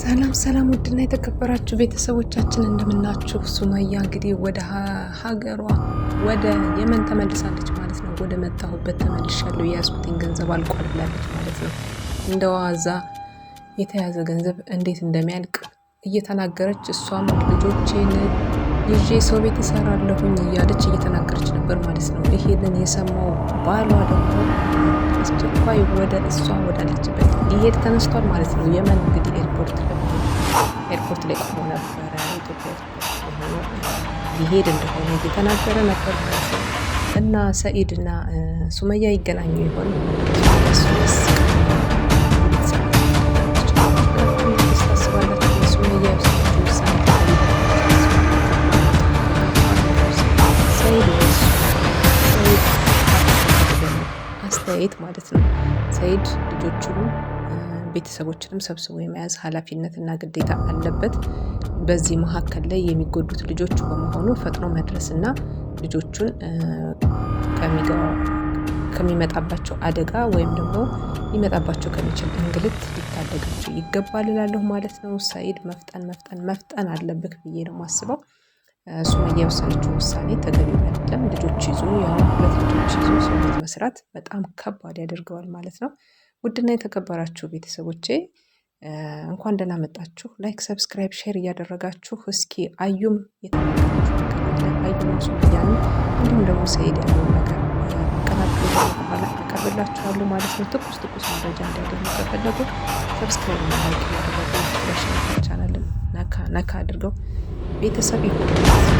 ሰላም ሰላም፣ ውድና የተከበራችሁ ቤተሰቦቻችን እንደምናችሁ። ሱመያ እንግዲህ ወደ ሀገሯ ወደ የመን ተመልሳለች ማለት ነው። ወደ መጣሁበት ተመልሻለሁ፣ የያዝኩትን ገንዘብ አልቋል ብላለች ማለት ነው። እንደ ዋዛ የተያዘ ገንዘብ እንዴት እንደሚያልቅ እየተናገረች እሷም ልጆቼን ይዤ ሰው ቤት እሰራለሁኝ እያለች እየተናገረች ነበር ማለት ነው። ይሄንን የሰማው ባሏ ደግሞ አስቸኳይ ወደ እሷ ወዳለችበት ሊሄድ ተነስቷል ማለት ነው። የመን እንግዲህ ኤርፖርት ኤርፖርት ላይ ቆሞ ነበረ። ኢትዮጵያ ሆኖ ሊሄድ እንደሆነ እየተናገረ ነበር እና ሰኢድ እና ሱመያ ይገናኙ ይሆን? አስተያየት ማለት ነው ሰኢድ ልጆቹንም ቤተሰቦችንም ሰብስቦ የመያዝ እና ግዴታ አለበት። በዚህ መካከል ላይ የሚጎዱት ልጆች በመሆኑ ፈጥኖ መድረስ መድረስና ልጆቹን ከሚመጣባቸው አደጋ ወይም ደግሞ ሊመጣባቸው ከሚችል እንግልት ሊታደጋቸው ይገባል እላለሁ ማለት ነው። ሰኢድ መፍጠን መፍጠን መፍጠን አለብህ ብዬ ነው ማስበው። ሱመያ የወሰነችው ውሳኔ ተገቢ አይደለም። ልጆች ይዞ ሁለት ልጆች ይዞ ሰውነት መስራት በጣም ከባድ ያደርገዋል ማለት ነው። ውድና የተከበራችሁ ቤተሰቦቼ እንኳን ደህና መጣችሁ። ላይክ፣ ሰብስክራይብ፣ ሼር እያደረጋችሁ እስኪ አዩም የተመለከታችሁያን እንዲሁም ደግሞ ሰኢድ ያለውን ነገር ቀናቀሩ በኋላ አቀርብላችኋለሁ ማለት ነው። ትኩስ ትኩስ መረጃ እንዲያገኙ ከፈለጉ ሰብስክራይብ እና ላይክ እያደረጋችሁ ለሽናቻናልን ነካ ነካ አድርገው ቤተሰብ ይሆናል።